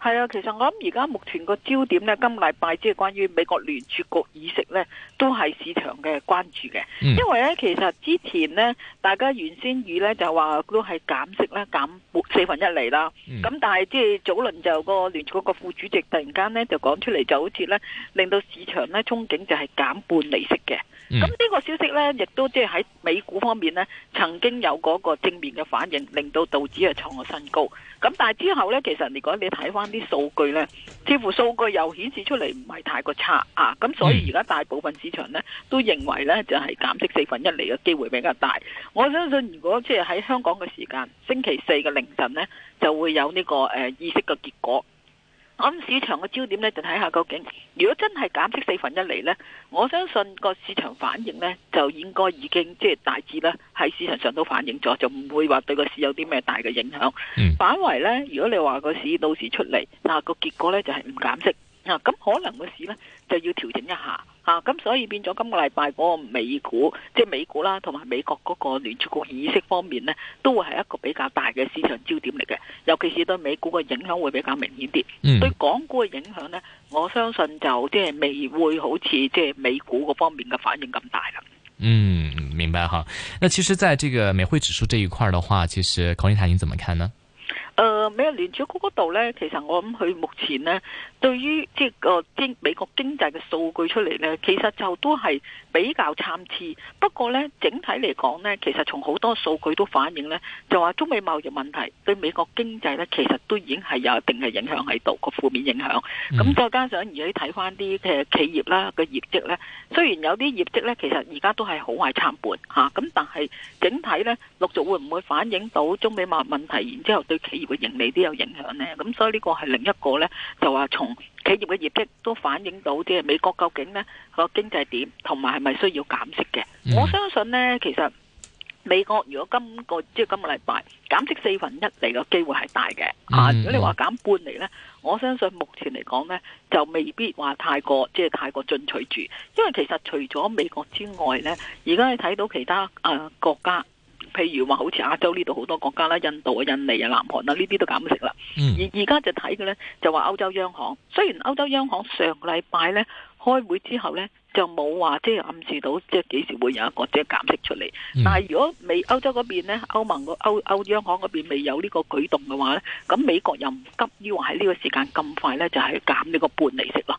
係啊，其實我諗而家目前個焦點咧，今禮拜即係關於美國聯儲局議息咧，都係市場嘅關注嘅、嗯，因為咧其實之前咧，大家原先預咧就話都係減息啦，減四分一嚟啦，咁但係即係早輪就個聯儲局嗰個副主席突然間咧就講出嚟，就好似咧令到市場咧憧憬就係減半利息嘅。咁、嗯、呢個消息咧亦都即係喺美股方面咧曾經有嗰個正面嘅反應，令到道指啊創咗新高。咁但係之後咧，其實如果你睇翻啲數據咧。似乎數據又顯示出嚟唔係太過差啊，咁所以而家大部分市場呢都認為呢就係、是、減息四分一釐嘅機會比較大。我相信如果即係喺香港嘅時間，星期四嘅凌晨呢就會有呢、這個誒、呃、議息嘅結果。咁市場嘅焦點呢，就睇下究竟，如果真係減息四分一嚟呢，我相信個市場反應呢，就應該已經即係、就是、大致啦，喺市場上都反映咗，就唔會話對個市有啲咩大嘅影響。嗯、反為呢，如果你話個市到時出嚟，但、嗱個結果呢，就係、是、唔減息。咁可能個市呢就要調整一下吓，咁、啊、所以變咗今個禮拜嗰個美股，即係美股啦，同埋美國嗰個聯儲局議息方面呢，都會係一個比較大嘅市場焦點嚟嘅，尤其是對美股嘅影響會比較明顯啲。嗯，對港股嘅影響呢，我相信就即係未會好似即係美股嗰方面嘅反應咁大啦。嗯，明白哈。那其實，在這個美匯指數這一塊嘅話，其實康利太，你怎麼看呢？誒、呃，美國聯儲局嗰度咧，其實我諗佢目前咧，對於即係個經美國經濟嘅數據出嚟咧，其實就都係。比較參差，不過呢，整體嚟講呢其實從好多數據都反映呢，就話中美貿易問題對美國經濟呢，其實都已經係有一定嘅影響喺度，個負面影響。咁再加上而家睇翻啲企業啦嘅業績呢，雖然有啲業績呢，其實而家都係好壞參半吓，咁、啊、但係整體呢，陸續會唔會反映到中美貿易問題，然之後對企業嘅盈利都有影響呢。咁所以呢個係另一個呢，就話從。企業嘅業績都反映到即係美國究竟呢個經濟點，同埋係咪需要減息嘅？Mm. 我相信呢，其實美國如果今個即係、就是、今個禮拜減息四分一嚟嘅機會係大嘅。啊、mm -hmm.，如果你話減半厘呢，我相信目前嚟講呢，就未必話太過即係、就是、太過進取住，因為其實除咗美國之外呢，而家你睇到其他誒、呃、國家。譬如話好似亞洲呢度好多國家啦，印度啊、印尼啊、南韓啊呢啲都減息啦。而而家就睇嘅呢，就話歐洲央行，雖然歐洲央行上禮拜呢開會之後呢，就冇話即係暗示到即係幾時會有一個即係減息出嚟，但係如果未歐洲嗰邊呢，歐盟個歐歐央行嗰邊未有呢個舉動嘅話呢，咁美國又唔急於話喺呢個時間咁快呢，就係減呢個半厘息咯。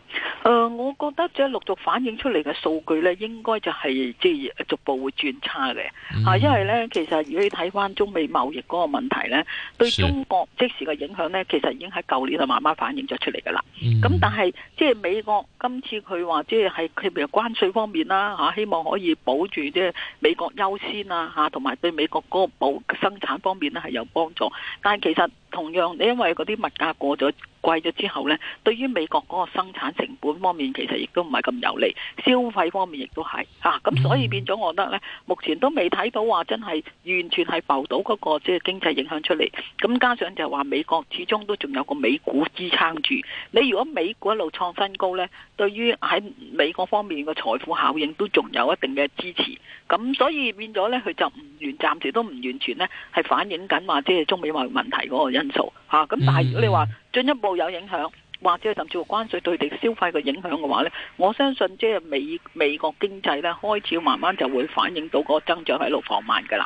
我覺得即係陸續反映出嚟嘅數據咧，應該就係即係逐步會轉差嘅，嗯。因為咧，其實如果你睇翻中美貿易嗰個問題咧，對中國即時嘅影響咧，其實已經喺舊年就慢慢反映咗出嚟噶啦。咁，嗯，但係即係美國今次佢話即係佢嘅關稅方面啦，吓，希望可以保住即係美國優先啊，吓，同埋對美國嗰個保生產方面咧係有幫助。但係其實同樣，你因為嗰啲物價過咗。貴咗之後呢，對於美國嗰個生產成本方面，其實亦都唔係咁有利，消費方面亦都係啊。咁所以變咗，我覺得呢目前都未睇到話真係完全係爆到嗰個即係經濟影響出嚟。咁加上就話美國始終都仲有個美股支撐住。你如果美股一路創新高呢，對於喺美國方面嘅財富效應都仲有一定嘅支持。咁所以變咗呢，佢就唔完，暫時都唔完全呢係反映緊話即係中美貿易問題嗰個因素吓。咁、啊、但係如果你話，進一步有影響，或者甚至乎關稅對地消費嘅影響嘅話咧，我相信即係美美國經濟咧開始慢慢就會反映到個增長喺度放慢㗎喇。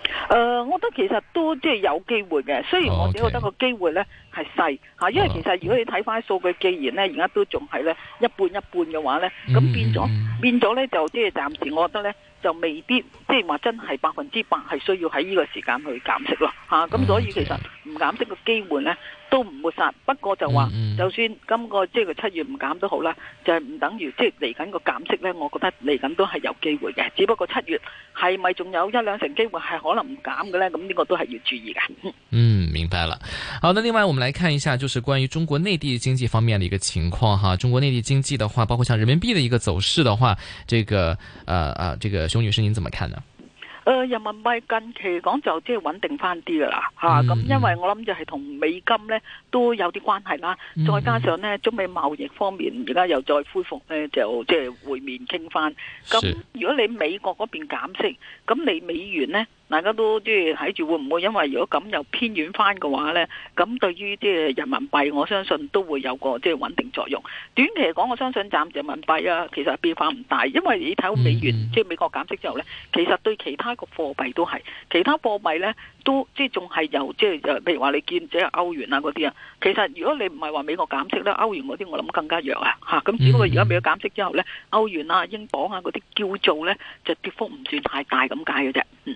誒、呃，我覺得其實都即係有機會嘅，雖然我自己覺得個機會呢係細吓，因為其實如果你睇翻數據，既然呢而家都仲係呢一半一半嘅話呢，咁變咗、mm -hmm. 變咗呢就即係暫時，我覺得呢就未必即係話真係百分之百係需要喺呢個時間去減息咯吓，咁、啊、所以其實唔減息嘅機會呢都唔會殺，不過就話就算今個即係七月唔減都好啦，嗯，就係唔等於即係嚟緊個減息咧。我覺得嚟緊都係有機會嘅，只不過七月係咪仲有一兩成機會係可能唔減嘅咧？咁呢個都係要注意嘅。嗯，明白了。好，那另外我們來看一下，就是關於中國內地經濟方面的一個情況哈。中國內地經濟的話，包括像人民幣的一個走勢的話，這個，呃，呃，這個熊女士，您怎麼看呢？誒、呃，人民幣近期講就即係穩定翻啲噶啦，吓、嗯、咁，因為我諗就係同美金咧都有啲關係啦、嗯，再加上咧中美貿易方面而家又再恢復咧，就即係、就是、會面傾翻。咁如果你美國嗰邊減息，咁你美元咧？大家都即係睇住會唔會，因為如果咁又偏遠翻嘅話呢，咁對於即係人民幣，我相信都會有個即係穩定作用。短期嚟講，我相信暫時人民幣啊，其實變化唔大，因為你睇美元即係美國減息之後呢，其實對其他個貨幣都係其他貨幣呢都即係仲係由即係譬如話你見隻歐元啊嗰啲啊，其實如果你唔係話美國減息呢歐元嗰啲我諗更加弱啊嚇。咁只不過而家美國減息之後呢，歐元啊、英鎊啊嗰啲叫做呢，就跌幅唔算太大咁解嘅啫，嗯。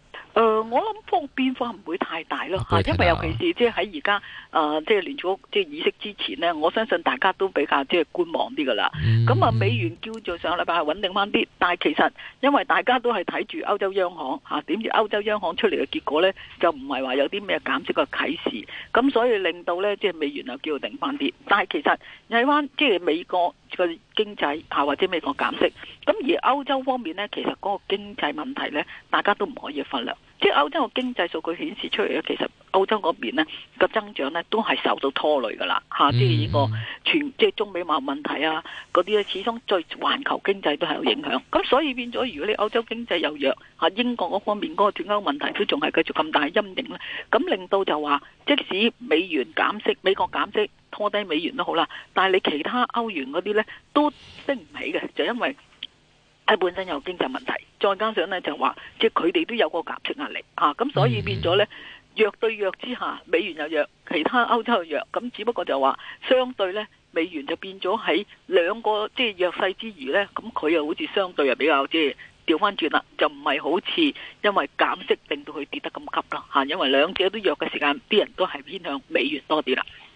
我諗方變化唔會太大咯，嚇、啊，因為尤其是即係喺而家，誒、啊，即係聯儲即係議息之前呢，我相信大家都比較即係、就是、觀望啲噶啦。咁、嗯、啊，美元叫做上個禮拜穩定翻啲，但係其實因為大家都係睇住歐洲央行嚇，點、啊、知歐洲央行出嚟嘅結果呢，就唔係話有啲咩減息嘅啟示，咁所以令到呢，即、就、係、是、美元又叫做定翻啲。但係其實睇翻即係美國個經濟嚇、啊，或者美國減息，咁而歐洲方面呢，其實嗰個經濟問題咧，大家都唔可以忽略。即係歐洲個經濟數據顯示出嚟咧，其實歐洲嗰邊咧個增長咧都係受到拖累噶啦，吓！即係呢個全即係中美貿易問題啊，嗰啲咧始終對環球經濟都係有影響。咁所以變咗，如果你歐洲經濟又弱，吓英國嗰方面嗰個脱歐問題都仲係繼續咁大陰影咧，咁令到就話，即使美元減息，美國減息拖低美元都好啦，但係你其他歐元嗰啲咧都升唔起嘅，就因為。本身有經濟問題，再加上呢就話，即係佢哋都有個減息壓力啊，咁所以變咗呢，弱對弱之下，美元又弱，其他歐洲又弱，咁只不過就話相對呢，美元就變咗喺兩個即係、就是、弱勢之餘呢，咁佢又好似相對又比較即係調翻轉啦，就唔係好似因為減息令到佢跌得咁急啦吓，因為兩者都弱嘅時間，啲人都係偏向美元多啲啦。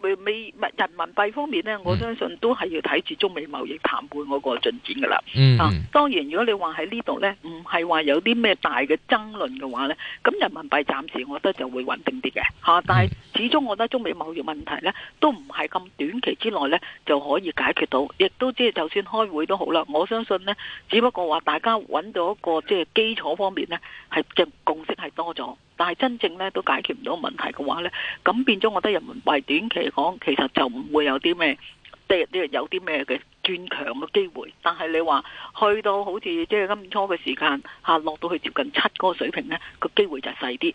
美美人民幣方面呢，我相信都係要睇住中美貿易談判嗰個進展噶啦。mm -hmm. 啊。當然如果你話喺呢度呢，唔係話有啲咩大嘅爭論嘅話呢，咁人民幣暫時我覺得就會穩定啲嘅吓、啊、但係始終，我覺得中美貿易問題呢，都唔係咁短期之內呢就可以解決到，亦都即係就算開會都好啦。我相信呢，只不過話大家揾到一個即係基礎方面呢，係嘅共識係多咗。但係真正咧都解決唔到問題嘅話咧，咁變咗，我覺得人民幣短期嚟講其實就唔會有啲咩，即係有啲咩嘅轉強嘅機會。但係你話去到好似即係今初嘅時間嚇、啊、落到去接近七嗰個水平咧，個機會就係細啲。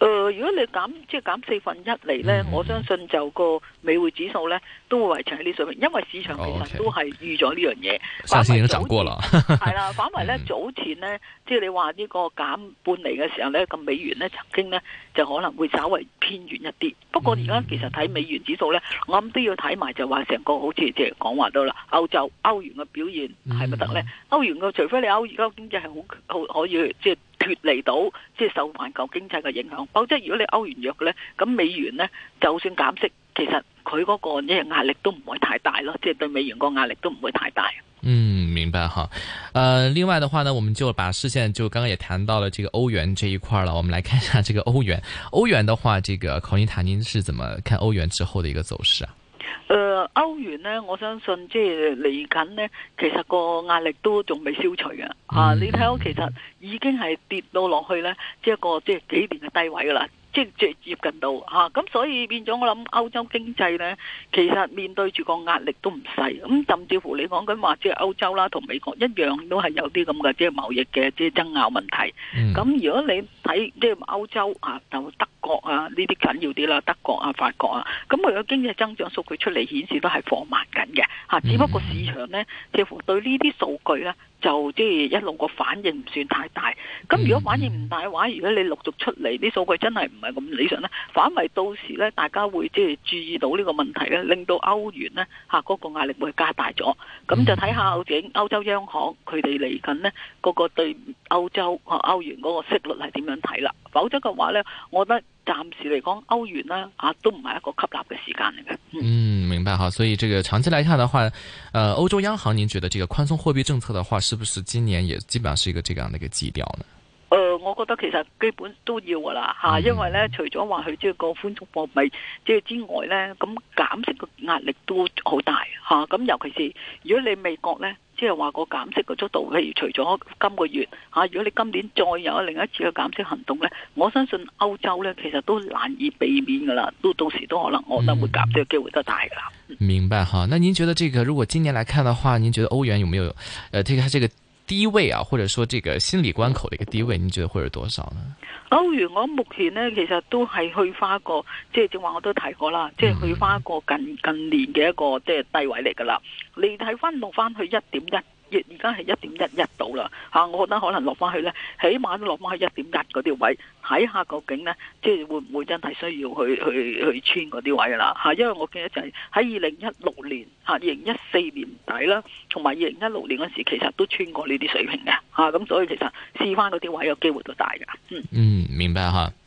誒、呃，如果你減即係減四分一嚟咧、嗯，我相信就個美匯指數咧都會維持喺呢水平，因為市場其實都係預咗呢樣嘢。三三已經走過啦係啦。反為咧早前咧、嗯嗯，即係你話呢個減半嚟嘅時候咧，個美元咧曾經咧就可能會稍微偏軟一啲。不過而家其實睇美元指數咧，我諗都要睇埋就話成個好似即係講話到啦，歐洲歐元嘅表現係咪得咧？歐、嗯嗯、元嘅除非你歐而家經濟係好好,好可以即係。越嚟到即係受環球經濟嘅影響，否則如果你歐元弱咧，咁美元咧就算減息，其實佢嗰個即係壓力都唔會太大咯，即係對美元個壓力都唔會太大。嗯，明白哈。呃，另外的話呢，我們就把視線就剛剛也談到了這個歐元這一塊啦，我們來看一下這個歐元。歐元的話，這個考尼塔，您是怎麼看歐元之後的一個走勢啊？誒、呃、歐元咧，我相信即係嚟緊呢，其實個壓力都仲未消除嘅、mm -hmm. 啊你睇下，其實已經係跌到落去呢，即係個即係幾年嘅低位噶啦，即係接接近到嚇。咁、啊、所以變咗，我諗歐洲經濟呢，其實面對住個壓力都唔細。咁甚至乎你講緊話，即係歐洲啦，同美國一樣都係有啲咁嘅即係貿易嘅即係爭拗問題。咁、mm -hmm. 如果你睇即係歐洲啊，就得。啊，呢啲緊要啲啦，德國啊、法國啊，咁佢個經濟增長數據出嚟顯示都係放慢緊嘅，吓，只不過市場呢，似乎對呢啲數據呢，就即係一路個反應唔算太大。咁如果反應唔大嘅話，如果你陸續出嚟啲數據真係唔係咁理想呢？反為到時呢，大家會即係注意到呢個問題呢，令到歐元呢，吓、那、嗰個壓力會加大咗。咁就睇下整歐洲央行佢哋嚟緊呢，嗰個對歐洲啊歐元嗰個息率係點樣睇啦。否則嘅話呢，我覺得。暫時嚟講，歐元啦，啊，都唔係一個吸納嘅時間嚟嘅。嗯，明白吓，所以這個長期嚟看的話，呃，歐洲央行，您覺得這個寬鬆貨幣政策的話，是不是今年也基本上是一個這樣嘅一個基調呢？呃？我覺得其實基本都要噶啦，吓、啊，因為呢，嗯、除咗話佢即係個寬鬆貨幣即係之外呢，咁減息嘅壓力都好大吓，咁、啊、尤其是如果你美國呢。即係話個減息嘅速度，譬如除咗今個月，吓，如果你今年再有另一次嘅減息行動咧，我相信歐洲咧，其實都難以避免噶啦，都到時都可能我覺得會減息嘅機會都大噶啦、嗯。明白哈？那您覺得這個如果今年來看的話，您覺得歐元有沒有？誒，這個這個。低位啊，或者說這個心理關口的一個低位，你覺得會有多少呢？歐元我目前呢，其實都係去翻個，即係正話我都提過啦，即係去翻個近近年嘅一個即係低位嚟噶啦。你睇翻落翻去一點一。而家係一點一一度啦嚇，我覺得可能落翻去呢，起碼都落翻去一點一嗰啲位，睇下究竟呢，即係會唔會真係需要去去去穿嗰啲位噶啦嚇，因為我記得就係喺二零一六年嚇二零一四年底啦，同埋二零一六年嗰時其實都穿過呢啲水平嘅嚇，咁所以其實試翻嗰啲位有機會都大㗎，嗯。嗯，明白嚇。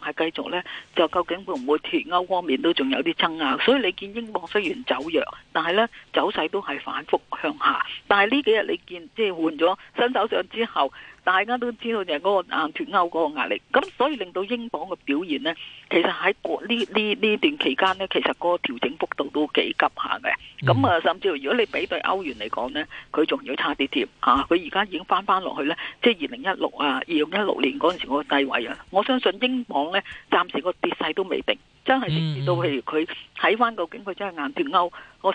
係繼續咧，就究竟會唔會脱歐方面都仲有啲爭拗，所以你見英鎊雖然走弱，但係咧走勢都係反覆向下。但係呢幾日你見即係換咗新首相之後。大家都知道就係嗰個硬脱歐嗰個壓力，咁所以令到英鎊嘅表現呢，其實喺呢呢呢段期間呢，其實個調整幅度都幾急下嘅。咁啊，甚至乎如果你比對歐元嚟講呢，佢仲要差啲添吓，佢而家已經翻翻落去呢，即係二零一六啊，二零一六年嗰陣時個低位啊。我相信英鎊呢，暫時個跌勢都未定，真係直至到譬如佢睇翻究竟佢真係硬脱歐，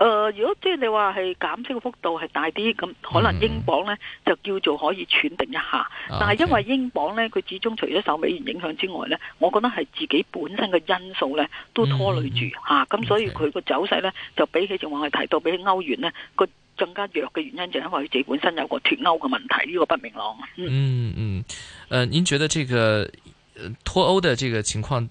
誒、呃，如果即係你話係減息嘅幅度係大啲，咁可能英鎊呢、嗯、就叫做可以喘定一下。啊、但係因為英鎊呢，佢始終除咗受美元影響之外呢，我覺得係自己本身嘅因素呢都拖累住吓，咁、嗯啊、所以佢個走勢呢，就比起正話係提到比起歐元呢，個更加弱嘅原因，就係因為佢自己本身有個脫歐嘅問題，呢、呢個不明朗。嗯嗯，誒、嗯呃，您覺得這個脫歐的這個情況？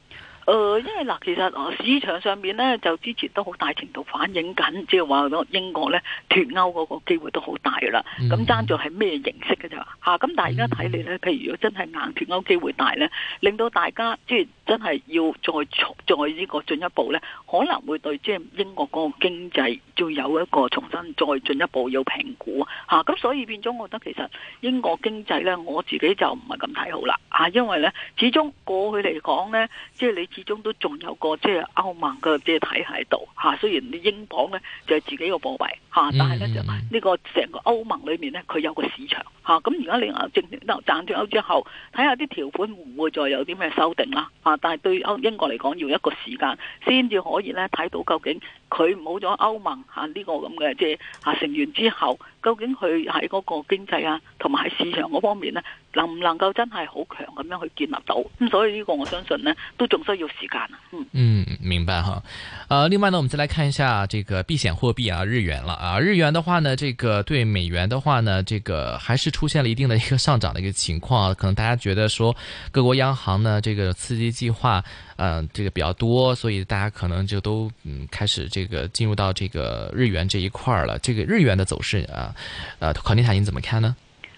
誒、呃，因為嗱，其實、呃、市場上面咧就之前都好大程度反映緊，即係話英國咧脫歐嗰個機會都好大㗎啦。咁、mm、爭 -hmm. 在係咩形式嘅就嚇，咁、啊、但係而家睇嚟咧，譬如如果真係硬脫歐機會大咧，令到大家即係真係要再再呢個進一步咧，可能會對即係英國嗰個經濟再有一個重新再進一步要評估嚇。咁、啊、所以變咗，我覺得其實英國經濟咧，我自己就唔係咁睇好啦嚇、啊，因為咧始終過去嚟講咧，即係你。始終都仲有個即係歐盟嘅即係體系喺度吓，雖然英鎊咧就係自己個部位，吓，但係咧就呢個成個歐盟裏面咧佢有個市場。咁而家你啊，正得暫脫歐之後，睇下啲條款唔會再有啲咩修訂啦。啊，但係對歐英國嚟講，要一個時間先至可以咧睇到究竟佢冇咗歐盟吓呢、啊這個咁嘅即係啊成員之後，究竟佢喺嗰個經濟啊，同埋喺市場嗰方面呢，能唔能夠真係好強咁樣去建立到？咁所以呢個我相信呢都仲需要時間。嗯嗯，明白哈。誒、呃，另外呢，我哋再來看一下這個避險貨幣啊，日元啦。啊，日元的話呢，這個對美元的話呢，這個還是。出現了一定的一個上漲的一個情況，啊，可能大家覺得說，各國央行呢，這個刺激計劃，呃，這個比較多，所以大家可能就都嗯，開始這個進入到這個日元這一塊兒了。這個日元的走勢啊，呃，考尼塔，你怎麼看呢？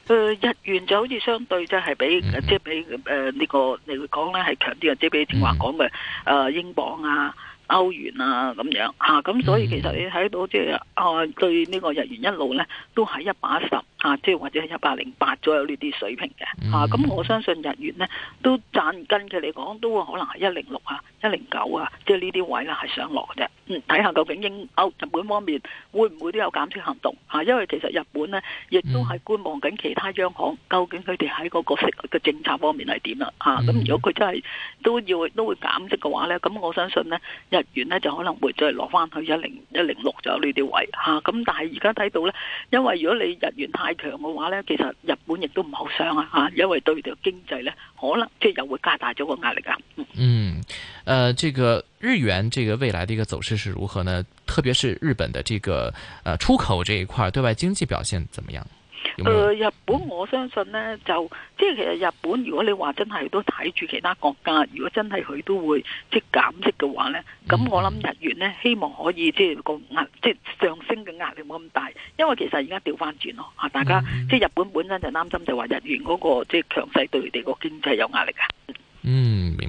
呃，日元就好似相對就係比，即係比誒，呢個嚟講呢係強啲，即係比正話講嘅誒英鎊啊、歐元啊咁樣吓，咁、啊、所以其實你睇到即係啊對呢個日元一路呢都係一把手。Mm-hmm. 啊，即係或者係一百零八左右呢啲水平嘅，啊，咁我相信日元呢都賺根嘅嚟講，都可能係一零六啊、一零九啊，即、就、係、是、呢啲位咧係上落嘅啫。嗯，睇下究竟英歐日本方面會唔會都有減息行動嚇、啊，因為其實日本呢亦都係觀望緊其他央行究竟佢哋喺個個息嘅政策方面係點啦。啊，咁如果佢真係都要都會減息嘅話呢，咁我相信呢日元呢就可能會再落翻去一零一零六左右呢啲位嚇。咁、啊、但係而家睇到呢，因為如果你日元太強嘅話咧，其實日本亦都唔好想啊，吓，因為對佢嘅經濟呢可能即係又會加大咗個壓力啊。嗯，誒、呃，這個日元，這個未來的一個走勢是如何呢？特別是日本的這個，誒，出口這一塊，對外經濟表現怎麼樣？誒、嗯呃，日本我相信咧，就即係其實日本，如果你話真係都睇住其他國家，如果真係佢都會即係減息嘅話咧，咁我諗日元咧，希望可以即係個壓，即係上升嘅壓力冇咁大，因為其實而家調翻轉咯，吓大家，嗯，即係日本本身就擔心就話日元嗰個即係強勢對佢哋個經濟有壓力啊。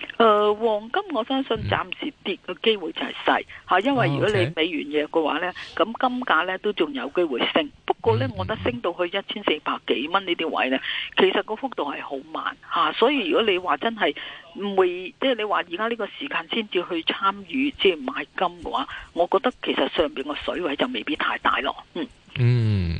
誒、呃，黃金我相信暫時跌嘅機會就係細吓，因為如果你美元弱嘅話咧，咁金價咧都仲有機會升。不過咧，我覺得升到去一千四百幾蚊呢啲位咧，其實個幅度係好慢吓、啊，所以如果你話真係唔會，即、就、係、是、你話而家呢個時間先至去參與即係買金嘅話，我覺得其實上邊個水位就未必太大咯。嗯。嗯。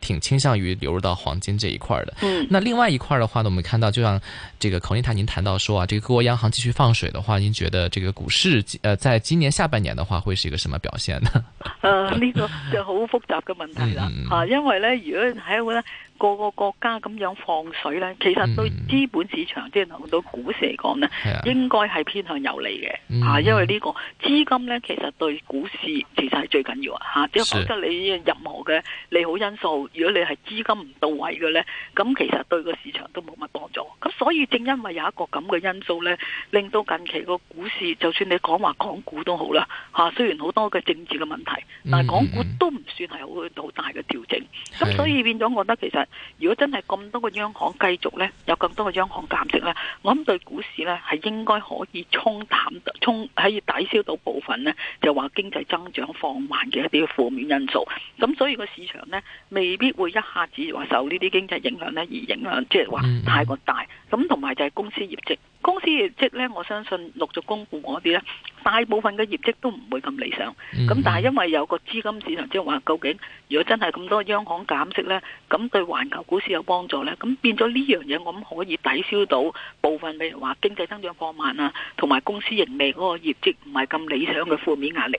挺傾向於流入到黃金這一塊的。嗯，那另外一塊的話呢，我們看到就像這個孔妮塔，您談到說啊，這個各國央行繼續放水的話，您覺得這個股市呃，在今年下半年的話，會是一個什麼表現呢？呃，呢、這個就好複雜嘅問題啦、嗯啊。因為呢，如果喺嗰個各個國家咁樣放水呢，其實對資本市場、嗯、即係講到股市嚟講呢、嗯，應該係偏向有利嘅、嗯啊。因為呢個資金呢，其實對股市其實係最緊要啊。吓，只要覺得你任何嘅利好因素。如果你係資金唔到位嘅呢，咁其實對個市場都冇乜幫助。咁所以正因為有一個咁嘅因素呢，令到近期個股市，就算你講話港股都好啦，嚇、啊，雖然好多嘅政治嘅問題，但係港股都唔算係好好大嘅調整。咁所以變咗，我覺得其實如果真係咁多個央行繼續呢，有咁多個央行減息呢，我諗對股市呢係應該可以沖淡沖、可以抵消到部分呢，就話經濟增長放慢嘅一啲負面因素。咁所以個市場呢。未必會一下子話受呢啲經濟影響咧，而影響即係話太過大。咁同埋就係公司業績，公司業績咧，我相信陸續公布嗰啲咧，大部分嘅業績都唔會咁理想。咁、嗯嗯、但係因為有個資金市場，即係話究竟如果真係咁多央行減息咧，咁對環球股市有幫助咧，咁變咗呢樣嘢，我諗可以抵消到部分，例如話經濟增長放慢啊，同埋公司盈利嗰個業績唔係咁理想嘅負面壓力。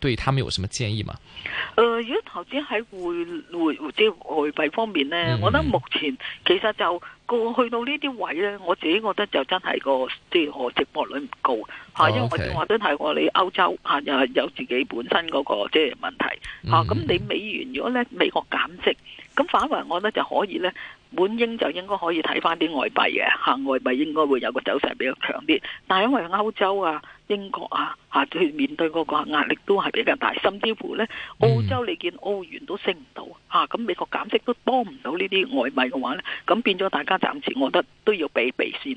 對他們有什麼建議嗎？誒、呃，如果投資喺匯匯即係外幣方面咧，嗯，我覺得目前其實就過去到呢啲位咧，我自己覺得就真係個即係我直播率唔高吓，哦，因為我我都係我你歐洲吓又，啊、有自己本身嗰個即係問題吓，咁，嗯啊，你美元如果咧美國減息，咁反為我覺得就可以咧，本英就應該可以睇翻啲外幣嘅吓，啊，外幣應該會有個走勢比較強啲，但係因為歐洲啊。英國啊，嚇、啊、去面對嗰個壓力都係比較大，甚至乎呢，澳洲你見澳元都升唔到，嚇、啊、咁美國減息都幫唔到呢啲外幣嘅話呢，咁變咗大家暫時覺得都要避避先。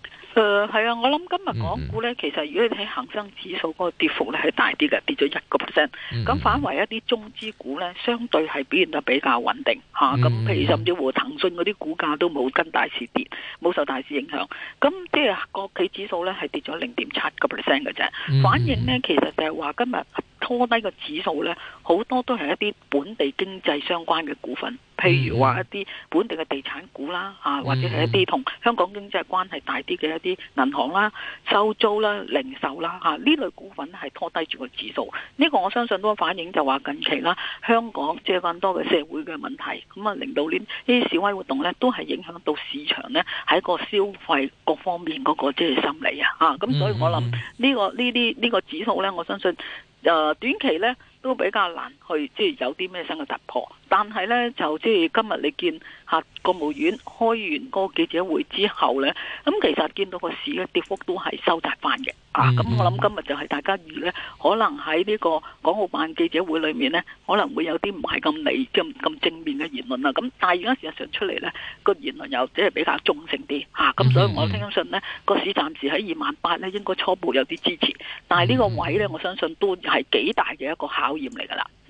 誒、呃，係啊！我諗今日港股咧，mm -hmm. 其實如果你睇恒生指數嗰個跌幅咧係大啲嘅，跌咗、mm -hmm. 一個 percent。咁反為一啲中資股咧，相對係表現得比較穩定吓。咁譬如甚至乎騰訊嗰啲股價都冇跟大市跌，冇受大市影響。咁即係國企指數咧係跌咗零點七個 percent 嘅啫。Mm -hmm. 反映咧其實就係話今日。拖低個指數咧，好多都係一啲本地經濟相關嘅股份，譬如話一啲本地嘅地產股啦，啊、嗯、或者係一啲同香港經濟關係大啲嘅一啲銀行啦、收租啦、零售啦，吓、啊、呢類股份係拖低住個指數。呢、呢個我相信都反映就話近期啦，香港即係更多嘅社會嘅問題，咁啊令到呢啲示威活動咧都係影響到市場咧，喺個消費各方面嗰個即係心理啊，吓咁所以我諗呢個呢啲呢個指數咧，我相信。誒短期咧都比較難去，即係有啲咩新嘅突破。但係咧就即係今日你見吓，國務院開完嗰個記者會之後咧，咁其實見到個市嘅跌幅都係收窄翻嘅。啊，咁我諗今日就係大家預咧可能喺呢個港澳辦記者會裏面咧可能會有啲唔係咁理、咁咁正面嘅言論啦。咁但係而家事實上出嚟咧，個言論又即係比較中性啲，吓、啊、咁，所以我相信咧，個市暫時喺二萬八咧應該初步有啲支持。但係呢個位咧，我相信都係幾大嘅一個考驗嚟噶啦。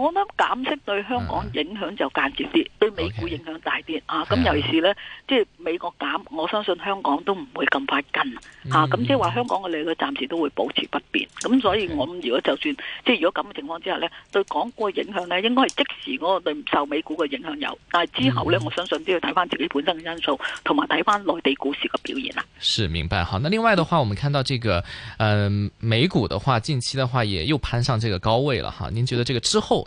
我諗減息對香港影響就間接啲、嗯，對美股影響大啲、okay, 啊！咁尤其是呢，嗯、即係美國減，我相信香港都唔會咁快跟啊！咁即係話香港嘅利率暫時都會保持不變。咁、嗯、所以是我如果就算即係如果咁嘅情況之下呢，對港股嘅影響呢，應該係即時嗰個對受美股嘅影響有，但係之後呢，嗯、我相信都要睇翻自己本身嘅因素，同埋睇翻內地股市嘅表現啦。是明白好，那另外嘅話，我們看到這個嗯、呃、美股嘅話，近期嘅話也又攀上這個高位了哈。您覺得這個之後？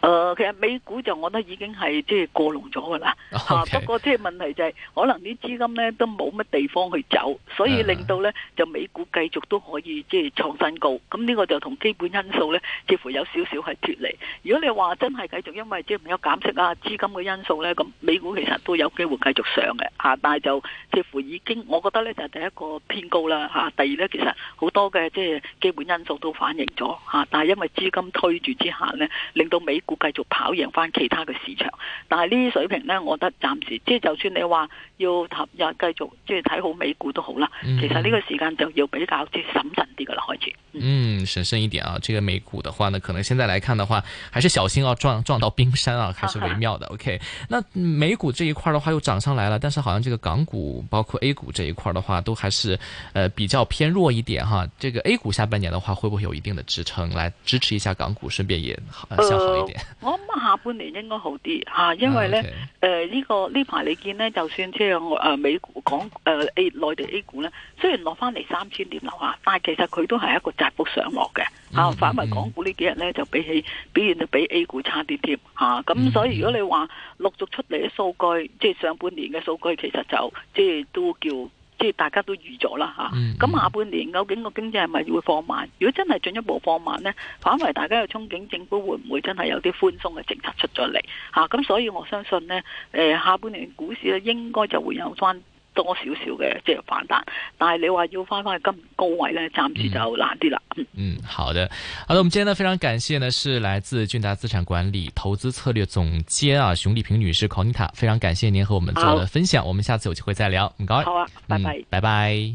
誒、呃，其實美股就我覺得已經係即係過龍咗噶啦，吓、okay. 啊。不過即係問題就係、是、可能啲資金咧都冇乜地方去走，所以令到咧就美股繼續都可以即係創新高。咁呢個就同基本因素咧，幾乎有少少係脫離。如果你話真係繼續，因為即係唔有減息啊，資金嘅因素咧，咁美股其實都有機會繼續上嘅，吓、啊。但係就幾乎已經，我覺得咧就是、第一個偏高啦，吓、啊。第二咧其實好多嘅即係基本因素都反映咗，吓、啊。但係因為資金推住之下呢，令到美，會繼續跑贏翻其他嘅市場，但係呢啲水平呢，我覺得暫時即係就算你話要投入繼續即係睇好美股都好啦、嗯。其實呢個時間就要比較啲審慎啲噶啦開始。嗯，審慎一點啊，這個美股的話呢，可能現在來看的話，還是小心要、啊、撞撞到冰山啊，還是微妙的。啊、OK、啊、那美股這一塊的話又漲上來了，但是好像這個港股包括 A 股這一塊的話，都還是、呃、比較偏弱一點哈、啊。這個 A 股下半年的話，會不會有一定的支撐，來支持一下港股，順便也向好一點？呃 我諗下半年應該好啲吓，因為咧誒呢、okay. 呃這個呢排你見咧，就算即係誒美股港、港、呃、誒內地 A 股咧，雖然落翻嚟三千點樓下 3, 話，但係其實佢都係一個窄幅上落嘅、mm -hmm. 啊、反為港股幾呢幾日咧就比起表現到比 A 股差啲添吓，咁、啊、所以如果你話陸續出嚟嘅數據，mm -hmm. 即係上半年嘅數據，其實就即係都叫。即係大家都預咗啦吓，咁下半年究竟個經濟係咪會放慢？如果真係進一步放慢呢，反為大家嘅憧憬政府會唔會真係有啲寬鬆嘅政策出咗嚟吓，咁所以我相信呢，下半年股市咧應該就會有返多少少嘅即係反彈，但係你話要翻翻去咁高位呢，暫時就難啲啦、嗯。嗯，好的，好的，我們今天呢非常感謝呢是來自俊達資產管理投資策略總監啊熊麗萍女士 Connie 非常感謝您和我們做嘅分享，我們下次有機會再聊，唔該，好啊，拜拜，嗯、拜拜。